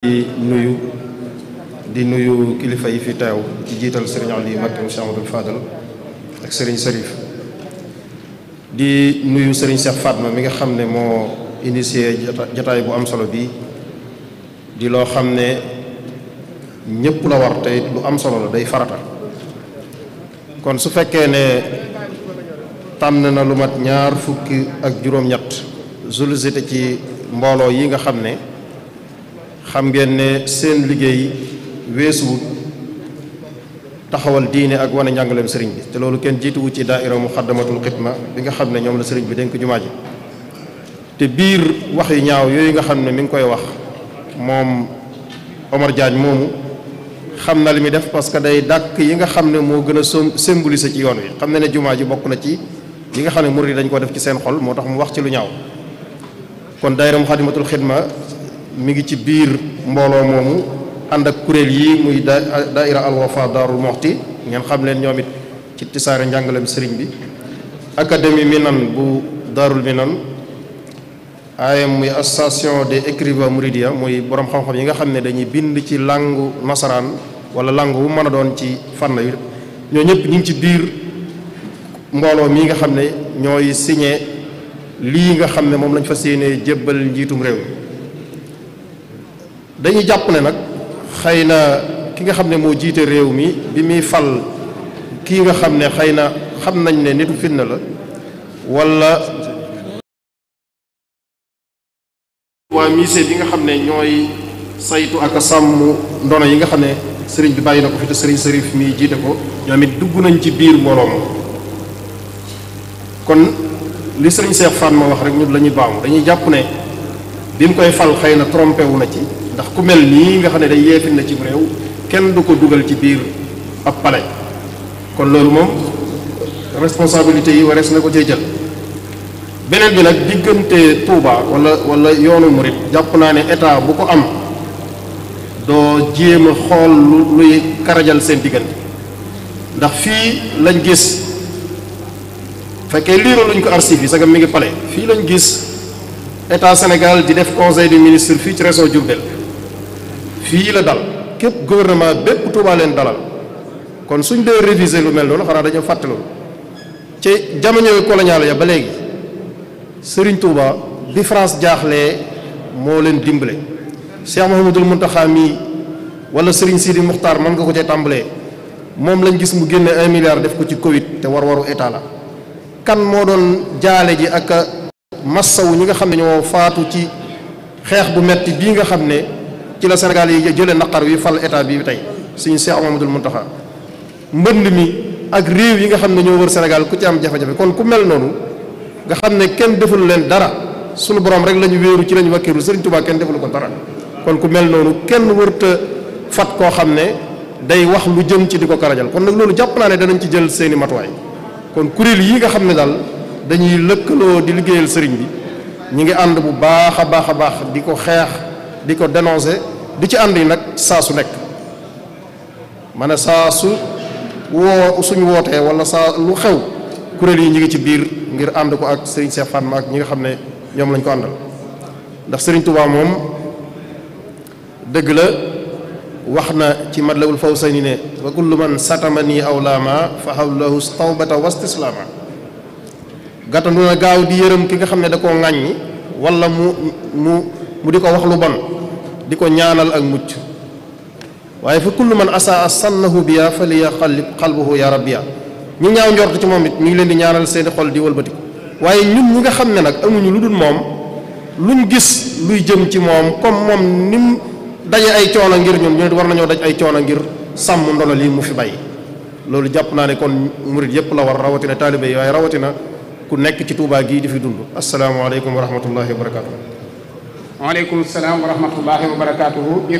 di nuyu di nuyu kilifa yi fi teew ci jiital sëriñ Aliou Mbacké Cheikh Amadou Fadal ak sëriñ Serif di nuyu sëriñ Cheikh Fatma mi nga xam ne moo initié jataay bu am solo bii di loo xam ne ñëpp la war tey lu am solo la day farata kon su fekkee ne tànn na lu mat ñaar fukki ak juróom-ñett zulsité ci mbooloo yi nga xam ne xam ngeen ne seen liggéey weesuwut taxawal diine ak wane njàngaleem sëriñ bi te loolu kenn jiituwu ci daaira muqaddamatul xidma bi nga xam ne ñoom la sëriñ bi dénk jumaaji te biir wax yi ñaaw yooyu nga xam ne mi ngi koy wax moom Omar Diagne moomu xam na li def parce que day dàkk yi nga xam ne moo gën a symboliser ci yoon wi xam na ne jumaa ji bokk na ci yi nga xam ne dañ ko def ci seen xol moo mu wax ci lu ñaaw kon daaira muqaddamatul mi ngi ci biir mbooloo moomu ànd ak kuréel yi muy daaira al wafa daarul moxti ngeen xam leen ñoom it ci tisaare njàngalem sëriñ bi académie minan bu daarul minan ayam muy association des écrivains mouridia muy borom xam-xam yi nga xam ne dañuy bind ci langu nasaraan wala langu bu mën a doon ci fànn yu ñoo ñëpp ñu ngi ci biir mbooloo mii nga xam ne ñooy signé lii nga xam ne moom lañu fa yéenee jébbal njiitum réew dañuy jàpp ne nag xëy na ki nga xam ne moo jiite réew mi bi muy fal kii nga xam ne xëy na xam nañ ne nit fitna la wala waa musée bi nga xam ne ñooy saytu ak sàmm ndono yi nga xam ne sëriñ bi bàyyi na ko fi te sëriñ sërif mi jiite ko ñoom it dugg nañ ci biir moroom kon li sëriñ Seex Fan ma wax rek ñun lañuy ñuy baamu dañuy jàpp ne bi mu koy fal xëy na trompé na ci ndax ku mel ni nga xamne day yeefin na ci réew kenn du ko dugal ci biir ab palais kon loolu moom responsabilité yi warees na ko cee jël beneen bi nag diggante touba wala wala yoonu murit jàpp naa ne état bu ko am do jéem a xool lu luy karajal seen diggante ndax fii lañ gis fekkee liiru luñ ko archive yi sagam mi ngi pale fii lañ gis état sénégal di def conseil des ministre fii ci réseau fii la dal képp gouvernement bépp Touba leen dalal kon suñ dee réviser lu mel noonu xanaa dañoo fàtte loolu ci jamonoy colonial ya ba léegi sëriñ Touba bi France jaaxle moo leen dimbale Cheikh Mouhamadul Mountakha mii wala Serigne Sidi Muxtaar mën nga ko cay tàmbalee moom lañ gis mu génne un milliard def ko ci Covid te war-waru état la kan moo doon jaale ji ak massawu ñi nga xam ne ñoo faatu ci xeex bu metti bii nga xam ne. ci la Sénégal yi jëlee naqar wi fal état bi tey suñu Seex Amadul Muntaxa mbënd mi ak réew yi nga xam ne ñoo wër Sénégal ku ci am jafe-jafe kon ku mel noonu nga xam ne kenn deful leen dara suñu borom rek la ñu wéeru ci la ñu wàkkiiru Sëriñ Tuubaa kenn ko dara kon ku mel noonu kenn wërta fat koo xam ne day wax lu jëm ci di ko karajal kon nag loolu jàpp naa ne danañ ci jël seeni matuwaay kon kuréel yi nga xam ne daal dañuy lëkkaloo di liggéeyal sëriñ bi ñu ngi ànd bu baax a baax a baax di ko xeex di dénoncer di ci andi nak nag saa su nekk ma sa su suñu woté wala sa lu xew kurel yi ñi ngi ci biir ngir and ko ak Serigne Cheikh Fatma ak ñi nga xamné ñom lañ ko andal ndax Serigne Touba mom deug la waxna ci madlawul ne wa kullu man satamani aw lama fa hawlahu tawbata wa istislaama gàttandu na gaaw di yërëm ki nga xam da ko ngagn wala mu mu mu di ko wax lu bon di ko ñaanal ak mucc waaye fa kullu man asaa sannahu biya fa li yaqallib qalbuhu ya rabbiya ñi ñaaw njort ci moom it ñu ngi leen di ñaanal seeni xol di wëlbatiku waaye ñun ñi nga xam ne nag amuñu lu dul moom lu luñ gis luy jëm ci moom comme moom ni mu daje ay coono ngir ñun ñu war nañoo daj ay coono ngir sàmm ndono lii mu fi bàyyi loolu jàpp naa ne kon murit yépp la war rawatina taalibe yi waaye rawatina ku nekk ci tuubaa gii di fi dund asalaamaaleykum wa waaleykum salaam wa rahmatullahi wa barakaatuhu